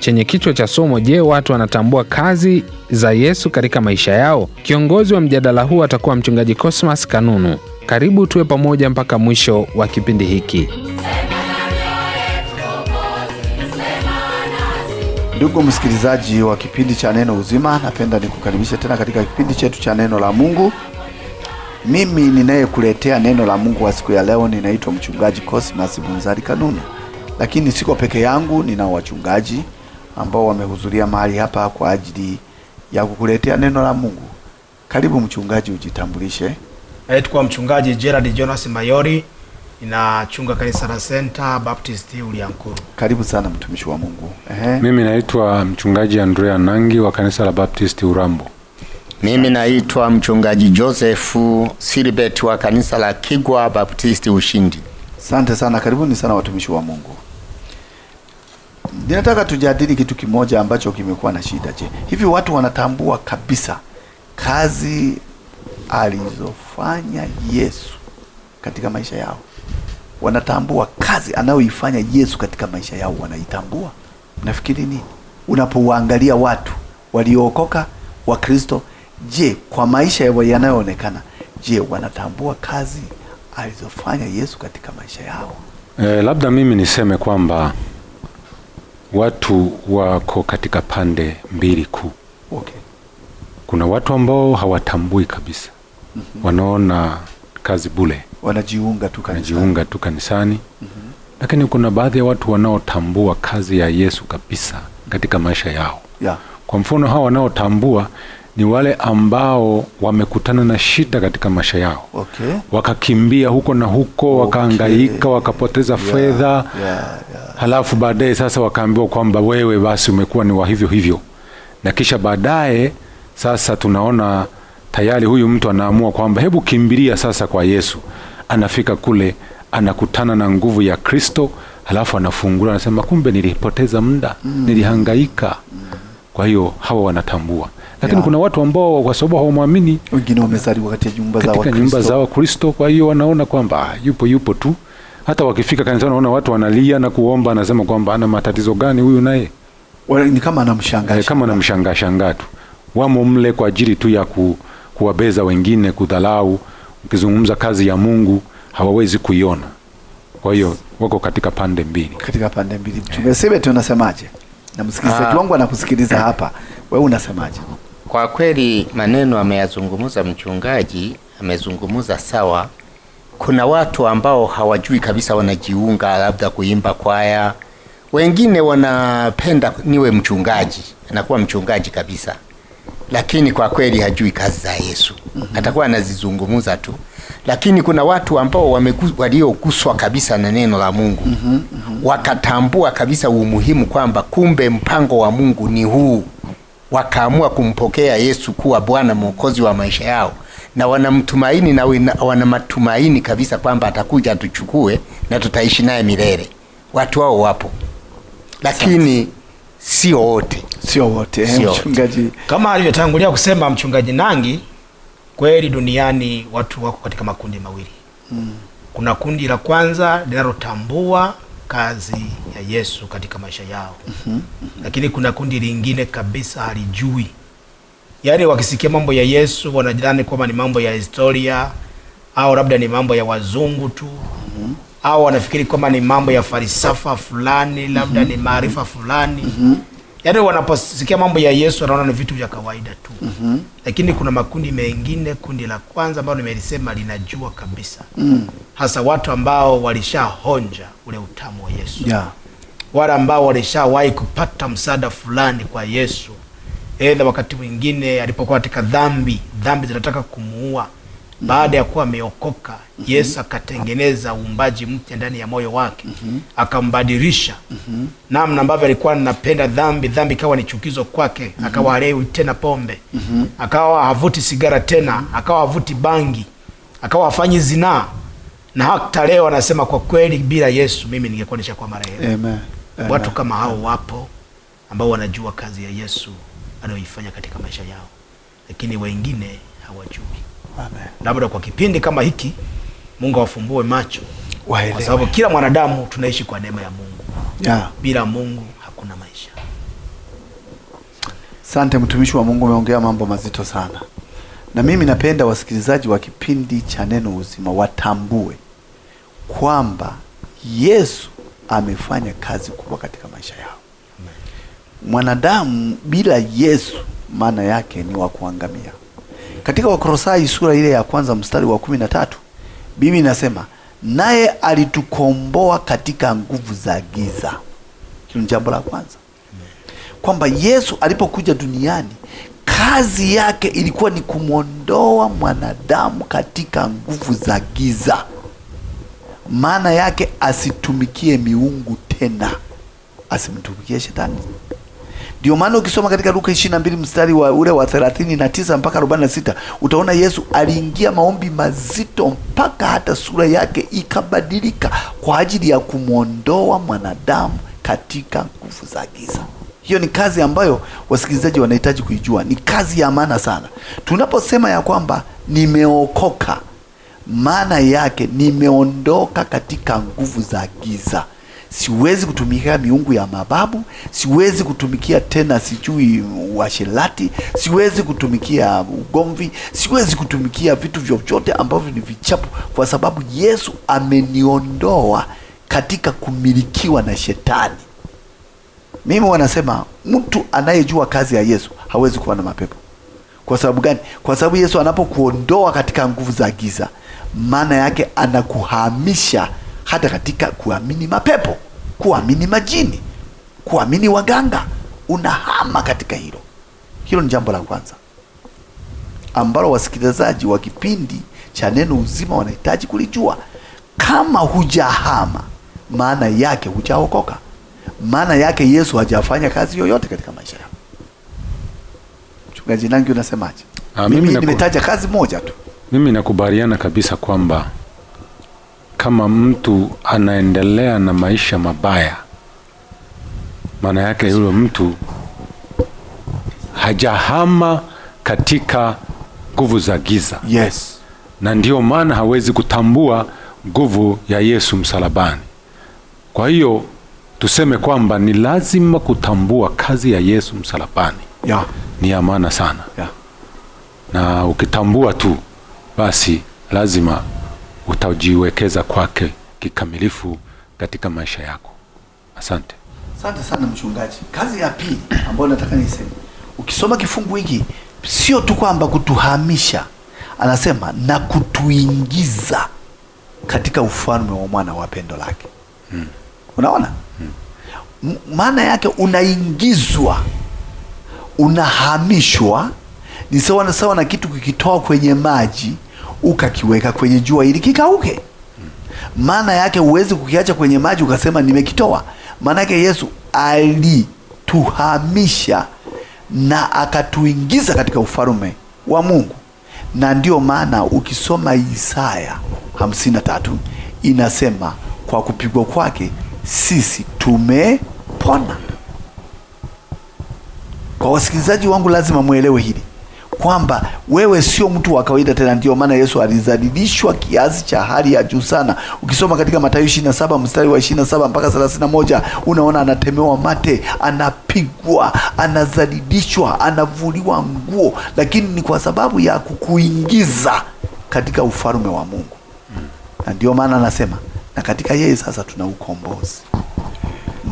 chenye kichwa cha somo, je, watu wanatambua kazi za Yesu katika maisha yao? Kiongozi wa mjadala huu atakuwa Mchungaji Cosmas Kanunu. Karibu tuwe pamoja mpaka mwisho wa kipindi hiki. Ndugu msikilizaji wa kipindi cha Neno Uzima, napenda nikukaribisha tena katika kipindi chetu cha Neno la Mungu. Mimi ninayekuletea neno la Mungu wa siku ya leo ninaitwa Mchungaji Cosmas Bunzari Kanunu, lakini siko peke yangu, ninao wachungaji ambao wamehudhuria mahali hapa kwa ajili ya kukuletea neno la Mungu. Karibu mchungaji, ujitambulishe. Naitwa mchungaji Gerard Jonas Mayori, inachunga kanisa la Center Baptist Uliankuru. Karibu sana mtumishi wa Mungu. Ehe. Mimi naitwa mchungaji Andrea Nangi wa kanisa la Baptist Urambo. Mimi naitwa mchungaji Joseph Silibeti wa kanisa la Kigwa Baptist Ushindi. Asante sana, karibuni sana watumishi wa Mungu. Ninataka tujadili kitu kimoja ambacho kimekuwa na shida. Je, hivi watu wanatambua kabisa kazi alizofanya Yesu katika maisha yao? Wanatambua kazi anayoifanya Yesu katika maisha yao, wanaitambua? Nafikiri nini unapouangalia watu waliookoka wa Kristo, je, kwa maisha yao yanayoonekana, je, wanatambua kazi alizofanya Yesu katika maisha yao? Eh, labda mimi niseme kwamba watu wako katika pande mbili kuu. Okay. Kuna watu ambao hawatambui kabisa. mm -hmm. Wanaona kazi bule, wanajiunga tu kanisani, wanajiunga tu kanisani. mm -hmm. Lakini kuna baadhi ya watu wanaotambua kazi ya Yesu kabisa katika maisha yao. yeah. Kwa mfano, hao wanaotambua ni wale ambao wamekutana na shida katika maisha yao. Okay. Wakakimbia huko na huko, wakaangaika, wakapoteza yeah. fedha yeah halafu baadaye sasa wakaambiwa kwamba wewe basi umekuwa ni wa hivyo hivyo, na kisha baadaye sasa tunaona tayari huyu mtu anaamua kwamba hebu kimbilia sasa kwa Yesu. Anafika kule anakutana na nguvu ya Kristo, halafu anafungura, anasema kumbe nilipoteza muda mm. nilihangaika mm. Kwa hiyo hawa wanatambua, lakini yeah. kuna watu ambao kwa sababu hawamwamini, wengine wamezaliwa katika nyumba za Wakristo, kwa hiyo wanaona kwamba ah, yupo yupo tu hata wakifika kanisani unaona watu wanalia na kuomba, anasema kwamba ana matatizo gani huyu naye, ni kama anamshangaa eh, kama anamshangaa shangaa tu. Wamo mle kwa ajili tu ya ku, kuwabeza wengine, kudhalau. Ukizungumza kazi ya Mungu hawawezi kuiona, kwa hiyo wako katika pande mbili, katika pande mbili. Tumesema tunasemaje? Na msikilizaji ah. wangu anakusikiliza eh. hapa, wewe unasemaje? Kwa kweli maneno ameyazungumza mchungaji, amezungumza sawa kuna watu ambao hawajui kabisa, wanajiunga labda kuimba kwaya, wengine wanapenda niwe mchungaji, anakuwa mchungaji kabisa, lakini kwa kweli hajui kazi za Yesu. mm -hmm. Atakuwa anazizungumza tu, lakini kuna watu ambao walioguswa kabisa na neno la Mungu mm -hmm. Mm -hmm. wakatambua kabisa umuhimu kwamba kumbe mpango wa Mungu ni huu, wakaamua kumpokea Yesu kuwa Bwana Mwokozi wa maisha yao na wanamtumaini na wana matumaini kabisa kwamba atakuja atuchukue na tutaishi naye milele. Watu wao wapo, lakini sio wote, eh, sio wote. Mchungaji, kama alivyotangulia kusema mchungaji Nangi, kweli duniani watu wako katika makundi mawili hmm. Kuna kundi la kwanza linalotambua kazi ya Yesu katika maisha yao mm -hmm. Lakini kuna kundi lingine kabisa halijui yaani wakisikia mambo ya Yesu wanajidhani kwamba ni mambo ya historia au labda ni mambo ya wazungu tu mm-hmm. au wanafikiri kwamba ni mambo ya falsafa fulani labda mm-hmm. ni maarifa fulani mm-hmm. yaani wanaposikia mambo ya Yesu wanaona ni vitu vya kawaida tu mm-hmm. lakini kuna makundi mengine kundi la kwanza ambalo nimelisema linajua kabisa mm-hmm. hasa watu ambao walishahonja ule utamu wa Yesu yeah. wale ambao walishawahi kupata msaada fulani kwa Yesu Edha wakati mwingine alipokuwa katika dhambi, dhambi zinataka kumuua. Baada ya kuwa ameokoka mm -hmm. Yesu akatengeneza uumbaji mpya ndani ya moyo wake mm -hmm. akambadilisha mm -hmm. namna ambavyo alikuwa anapenda dhambi, dhambi ikawa ni chukizo kwake mm -hmm. akawa halewi tena pombe mm -hmm. akawa havuti sigara tena mm -hmm. akawa havuti bangi, akawa hafanyi zinaa, na hata leo anasema kwa kweli, bila Yesu mimi ningekuwa nishakuwa marehemu. Watu kama hao wapo ambao wanajua kazi ya Yesu anayoifanya katika maisha yao, lakini wengine hawajui. Amen. Labda kwa kipindi kama hiki Mungu awafumbue macho Waelewe. Kwa sababu kila mwanadamu tunaishi kwa neema ya Mungu yeah. Bila Mungu hakuna maisha. sante mtumishi wa Mungu, umeongea mambo mazito sana, na mimi napenda wasikilizaji wa kipindi cha Neno Uzima watambue kwamba Yesu amefanya kazi kubwa katika maisha yao mwanadamu bila Yesu maana yake ni wa kuangamia. Katika Wakorosai sura ile ya kwanza mstari wa kumi na tatu Biblia inasema naye alitukomboa katika nguvu za giza. Hilo ni jambo la kwanza, kwamba Yesu alipokuja duniani kazi yake ilikuwa ni kumwondoa mwanadamu katika nguvu za giza, maana yake asitumikie miungu tena, asimtumikie shetani ndio maana ukisoma katika Luka 22 mstari wa ule wa 39 mpaka 46 utaona Yesu aliingia maombi mazito mpaka hata sura yake ikabadilika kwa ajili ya kumwondoa mwanadamu katika nguvu za giza. Hiyo ni kazi ambayo wasikilizaji wanahitaji kuijua. Ni kazi ya maana sana. Tunaposema ya kwamba nimeokoka, maana yake nimeondoka katika nguvu za giza siwezi kutumikia miungu ya mababu, siwezi kutumikia tena sijui washerati siwezi kutumikia ugomvi, siwezi kutumikia vitu vyovyote ambavyo ni vichapu, kwa sababu Yesu ameniondoa katika kumilikiwa na shetani. Mimi wanasema mtu anayejua kazi ya Yesu hawezi kuwa na mapepo. Kwa sababu gani? Kwa sababu Yesu anapokuondoa katika nguvu za giza, maana yake anakuhamisha hata katika kuamini mapepo kuamini majini, kuamini waganga, unahama katika hilo. Hilo ni jambo la kwanza ambalo wasikilizaji wa kipindi cha Neno Uzima wanahitaji kulijua. Kama hujahama, maana yake hujaokoka, maana yake Yesu hajafanya kazi yoyote katika maisha yako. Mchungaji Nangi, unasemaje? Ah, mimi nimetaja kazi moja tu. Mimi nakubaliana kabisa kwamba kama mtu anaendelea na maisha mabaya, maana yake yule mtu hajahama katika nguvu za giza. Yes. Na ndiyo maana hawezi kutambua nguvu ya Yesu msalabani. Kwa hiyo tuseme kwamba ni lazima kutambua kazi ya Yesu msalabani. Yeah. Ni ya maana sana. Yeah. Na ukitambua tu basi lazima utajiwekeza kwake kikamilifu katika maisha yako. Asante, asante sana mchungaji. Kazi ya pili ambayo nataka niseme, ukisoma kifungu hiki sio tu kwamba kutuhamisha, anasema na kutuingiza katika ufalme wa mwana wa pendo lake. hmm. Unaona, hmm. maana hmm. yake unaingizwa, unahamishwa, ni sawa na sawa na kitu kikitoa kwenye maji ukakiweka kwenye jua ili kikauke. Maana yake huwezi kukiacha kwenye maji ukasema nimekitoa. Maana yake Yesu alituhamisha na akatuingiza katika ufalume wa Mungu, na ndiyo maana ukisoma Isaya hamsini na tatu inasema kwa kupigwa kwake sisi tumepona. Kwa wasikilizaji wangu, lazima mwelewe hili kwamba wewe sio mtu wa kawaida tena. ndio maana Yesu alizalilishwa kiasi cha hali ya juu sana. Ukisoma katika Mathayo 27 mstari wa 27 mpaka 31, unaona anatemewa mate, anapigwa, anazalilishwa, anavuliwa nguo, lakini ni kwa sababu ya kukuingiza katika ufalme wa Mungu. Na ndio maana anasema na katika yeye sasa tuna ukombozi.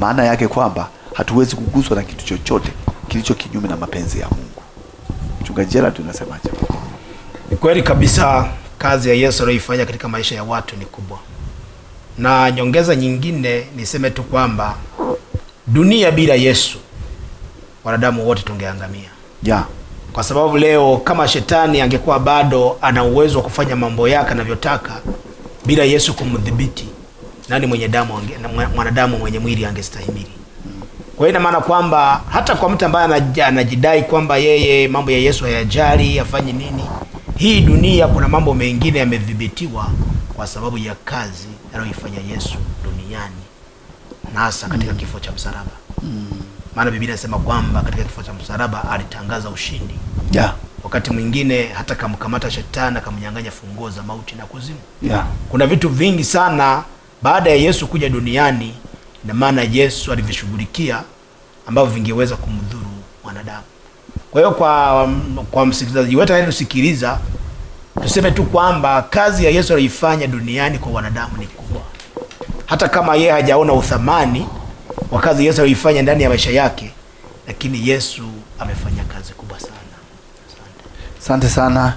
Maana yake kwamba hatuwezi kuguswa na kitu chochote kilicho kinyume na mapenzi ya Mungu. Mchungaji Jela, tunasemaje? Ni kweli kabisa, kazi ya Yesu aliyoifanya katika maisha ya watu ni kubwa, na nyongeza nyingine niseme tu kwamba dunia bila Yesu wanadamu wote tungeangamia yeah. Kwa sababu leo kama shetani angekuwa bado ana uwezo wa kufanya mambo yake anavyotaka bila Yesu kumdhibiti, nani mwenye damu, mwanadamu mwenye mwili angestahimili? Kwa hiyo ina maana kwamba hata kwa mtu ambaye anajidai kwamba yeye mambo ya Yesu hayajali afanye nini, hii dunia kuna mambo mengine yamedhibitiwa kwa sababu ya kazi anayoifanya Yesu duniani na hasa katika mm. kifo cha msalaba mm. maana Biblia inasema kwamba katika kifo cha msalaba alitangaza ushindi yeah. Wakati mwingine hata kamkamata shetani akamnyang'anya funguo za mauti na kuzimu yeah. Kuna vitu vingi sana baada ya Yesu kuja duniani na maana Yesu alivyoshughulikia ambavyo vingeweza kumdhuru wanadamu. Kwa hiyo kwa, kwa msikilizaji wetu anayetusikiliza tuseme tu kwamba kazi ya Yesu aliyoifanya duniani kwa wanadamu ni kubwa, hata kama yeye hajaona uthamani wa kazi Yesu aliyoifanya ndani ya maisha yake, lakini Yesu amefanya kazi kubwa sana. Asante sana.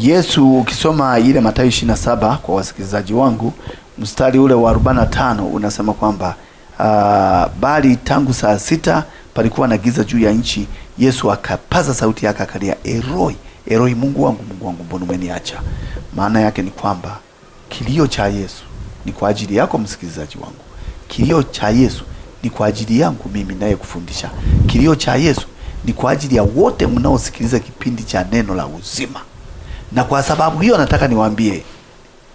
Yesu ukisoma ile Mathayo 27 kwa wasikilizaji wangu, mstari ule wa 45 unasema kwamba uh, bali tangu saa sita palikuwa na giza juu ya nchi. Yesu akapaza sauti yake akalia, Eroi, Eroi, Mungu wangu, Mungu wangu, mbona umeniacha? Maana yake ni kwamba kilio cha Yesu ni kwa ajili yako msikilizaji wangu, kilio cha Yesu ni kwa ajili yangu mimi naye kufundisha, kilio cha Yesu ni kwa ajili ya wote mnaosikiliza kipindi cha neno la uzima. Na kwa sababu hiyo nataka niwaambie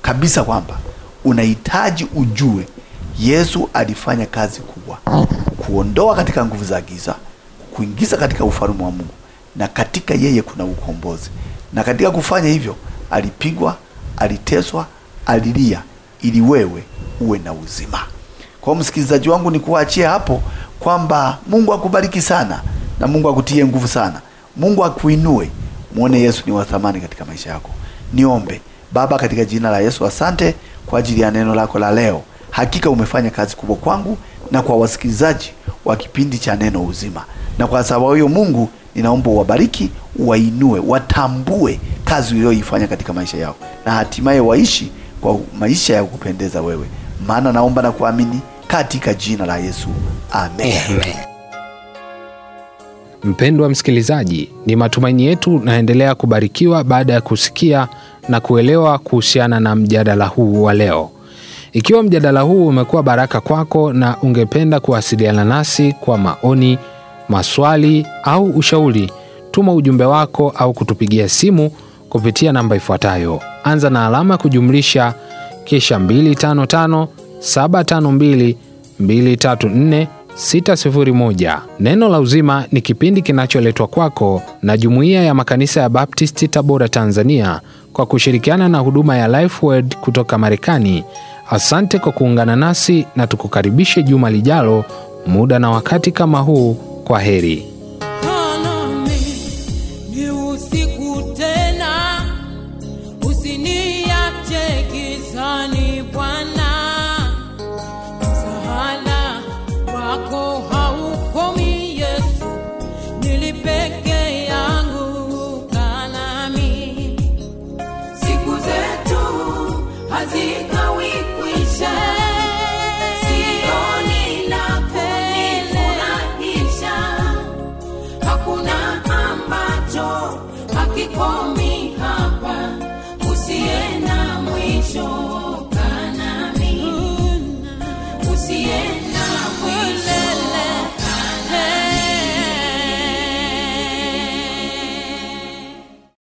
kabisa kwamba unahitaji ujue Yesu alifanya kazi kubwa kuondoa katika nguvu za giza, kuingiza katika ufalme wa Mungu, na katika yeye kuna ukombozi. Na katika kufanya hivyo, alipigwa, aliteswa, alilia ili wewe uwe na uzima. Kwa msikilizaji wangu, ni nikuachie hapo kwamba Mungu akubariki sana na Mungu akutie nguvu sana. Mungu akuinue, muone Yesu ni wa thamani katika maisha yako. Niombe. Baba, katika jina la Yesu, asante kwa ajili ya neno lako la leo hakika umefanya kazi kubwa kwangu na kwa wasikilizaji wa kipindi cha Neno Uzima, na kwa sababu hiyo Mungu ninaomba uwabariki, wainue, watambue kazi uliyoifanya katika maisha yao, na hatimaye waishi kwa maisha ya kupendeza wewe. Maana naomba na kuamini katika jina la Yesu, amen. Mpendwa msikilizaji, ni matumaini yetu naendelea kubarikiwa baada ya kusikia na kuelewa kuhusiana na mjadala huu wa leo. Ikiwa mjadala huu umekuwa baraka kwako na ungependa kuwasiliana nasi kwa maoni, maswali au ushauri, tuma ujumbe wako au kutupigia simu kupitia namba ifuatayo: anza na alama kujumlisha kisha 255 Neno la Uzima ni kipindi kinacholetwa kwako na Jumuiya ya Makanisa ya Baptisti Tabora, Tanzania, kwa kushirikiana na huduma ya Lifeword kutoka Marekani Asante kwa kuungana nasi na tukukaribishe juma lijalo, muda na wakati kama huu. Kwa heri.